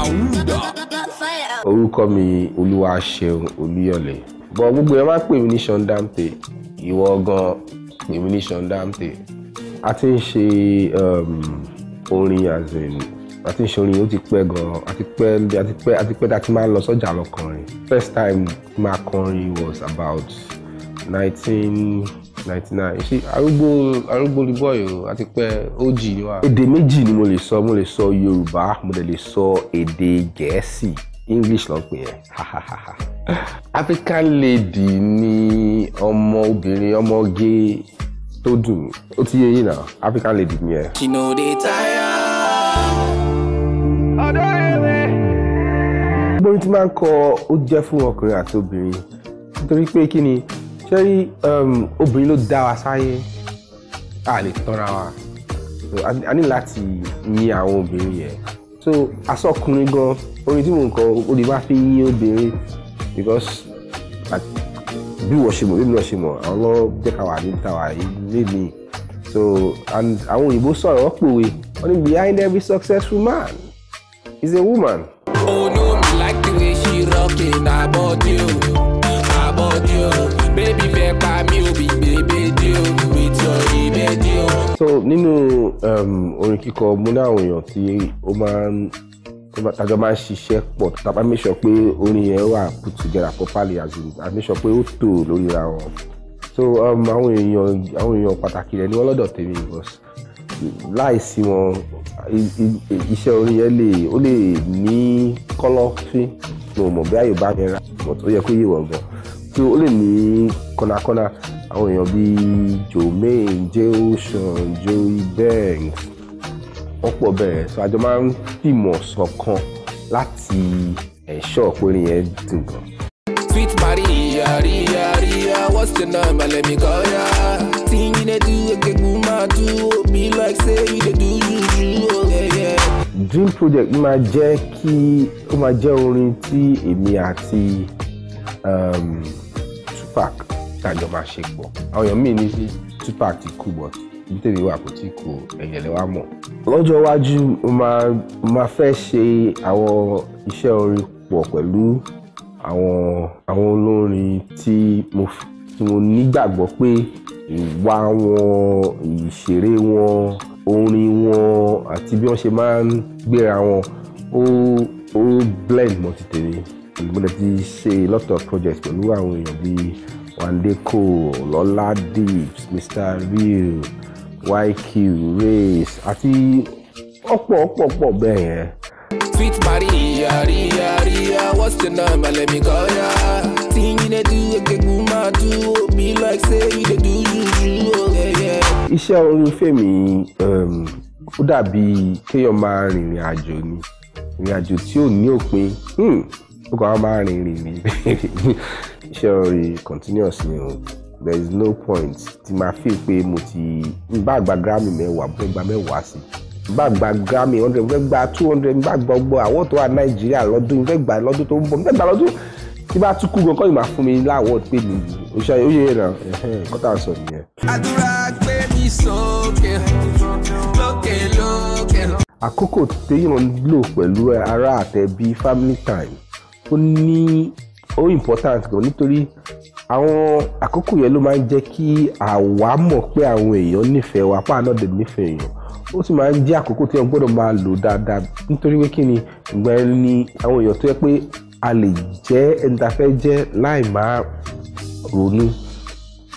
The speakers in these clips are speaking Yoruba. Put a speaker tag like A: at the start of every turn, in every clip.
A: àwùdà. orúkọ mi Olúwaṣeun Olúyọ̀lé bọ gbogbo yẹn máa pè mí ní Sean Damte ìwọ gan pè mí ní Sean Damte a ti ń ṣe um, orin azin a ti ń ṣe orin ó ti pẹ́ gan a ti pẹ́ a ti pẹ́ a ti pẹ́ dàtí máa ń lọ sọ́jà lọ kọrin first time máa kọrin was about nineteen. 19 ninety nine arúgbó arúgbó ni bọ́ọ̀yì o àti pé og ni wa. èdè méjì ni mo lè sọ mo lè sọ yorùbá mo lè sọ èdè gẹ̀ẹ́sì english ló pè é african lady ni ọmọ obìnrin ọmọge tó dùn ó ti yé yín náà african lady ni ẹ. kí ló dé táyà. ọ̀dọ́ ẹ̀rẹ́. gbóyún máa ń kọ ó jẹ́ fún ọkùnrin àti obìnrin nítorí pé kí ni ṣé rí um, obìnrin ló dá wa sáyé a lè tanra wa a ní láti yin àwọn obìnrin yẹn so asọkùnrin gan orin tí mò ń kọ orin bá fi yin obìnrin because bí wọ́n ṣe mọ̀ bí wọ́n ṣe mọ̀ àwọn lọ jẹ́ ká wà níta wà lémi so and àwọn òyìnbó sọ̀rọ̀ wọ́n pòwe wọ́n ní behind every successful man is a woman. Oh no, like the way she rockin' her body o, oh, her body o. Oh bébí fẹ́ pa mí òbí bèbè dé o nítorí bèbè o. so nínú um, orin kíkọ mo ní àwọn èèyàn tí ó máa ń tajọ máa ń ṣiṣẹ́ pọ̀ tàbá make sure pé orin yẹn wà put together properly as in pé ó tò lórí ra wọn so um, àwọn èèyàn àwọn èèyàn pàtàkì rẹ̀ ni wọ́n lọ́dọ̀ tèmi because láìsí wọn iṣẹ́ orin yẹn lè ó lè ní kọ́lọ́fín mo mọ̀ bí àyè bá yẹn rà ó yẹ kó yé gan so ó lè ní kọ́nàkọ́nà àwọn èèyàn bíi Jermaine Jewson Joey Banks wọ́n bẹ́ẹ̀ so àjọ máa ń fìmọ̀ ṣọ̀kan láti ẹ̀ṣọ́ òpin yẹn dùn gan. sweet maria ria ria what's the number let me call ya thing you dey do ekegun ma do be like say you dey do juju o. dream project máa jẹ́ kí ó máa jẹ́ orin tí èmi àti. Um, Tupac tàjọ máa ṣe pọ̀ àwọn èèyàn míì ní sí Tupac ti kú but ibi tèmi wà kò tí kú ẹ̀yẹ̀ lẹ́wà mọ̀. lọ́jọ́ iwájú máa fẹ́ ṣe àwọn iṣẹ́ orin pọ̀ pẹ̀lú àwọn àwọn olórin tí mo tí mo nígbàgbọ́ pé ìwà wọn ìṣeré wọn orin wọn àti bí wọ́n ṣe máa ń gbéra wọn ó ó blend mọ́ ti tèmi mo lè ti ṣe lot of projects pẹ̀lú àwọn èèyàn bíi wandeko lọ́lá dips mr real yq race àti ọ̀pọ̀ ọ̀pọ̀ ọ̀pọ̀ bẹ́ẹ̀ yẹn. sweet maria ria ria what's your number let me call ya. thing you dey do ekegun máa do be like say you dey do juju o. Oh, iṣẹ́ orin fèmí um, ó dàbí kéèyàn máa rìnrìn àjò ni ìrìn àjò tí ò ní òpin hmm ó kàn wá máa rìn rìn rìn iṣẹ́ orin there is no point tí máa fi pé mo ti n bá gba grammy mẹ́wàá mo gba mẹ́wàá sí n bá gba grammy hundred mo gba two hundred n bá gba ọgbọ àwọn tó wà nàìjíríà lọ́dún mo fẹ́ gba lọ́dún tó ń bọ̀ mo fẹ́ gba lọ́dún tí bá tún kú gan kọ́ fún mi láwọ̀ pé mi ò ṣe ó yẹ ẹ̀ràn sọ nìyẹn. àdúrà gbé mi sókè lókè lókè. àkókò téèyàn lò pẹ̀lú ará àtẹ̀bí family time ó ní ó important gan nítorí àwọn àkókò yẹn ló máa ń jẹ́ kí àwa mọ̀ pé àwọn èèyàn nífẹ̀ẹ́ wa pàánà dẹ̀ nífẹ̀ẹ́ èèyàn ó sì máa ń jẹ́ àkókò tí wọ́n gbọ́dọ̀ máa lò dáadáa nítorí pé kí ni ìgbà ẹni ni àwọn èèyàn tó yẹ pé a lè jẹ́ ẹni tá a fẹ́ jẹ́ láì máa ronú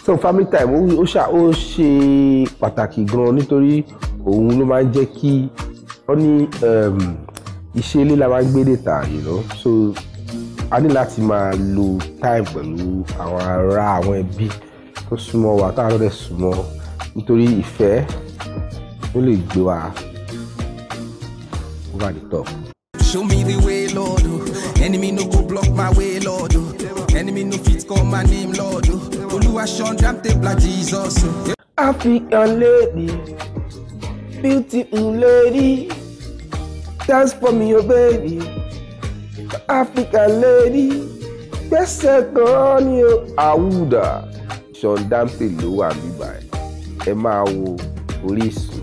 A: so family time ó ṣà ó ṣe pàtàkì gan nítorí òun ló máa ń jẹ́ kí wọ́n ní ehm, iṣẹ́ ilé la máa ń gbé dé tà yìí lọ so a ní láti máa lo time pẹ̀lú àwọn ará àwọn ẹbí tó súnmọ́ wa táwọn ọ̀rẹ́ súnmọ́ nítorí ìfẹ́ ó lè gbé wa over the top. show me the way lord o enemy no go block my way lord o enemy no fit call my name lord o oh. olúwa ṣan dáńtẹ́bla jesus o. Oh. African lady beautiful lady dance for me o oh baby. Africa lady gbẹ́sẹ̀ kan ni o. àwùdà Sean Dampe ló wà níbàyẹn ẹ máa wo Orísun.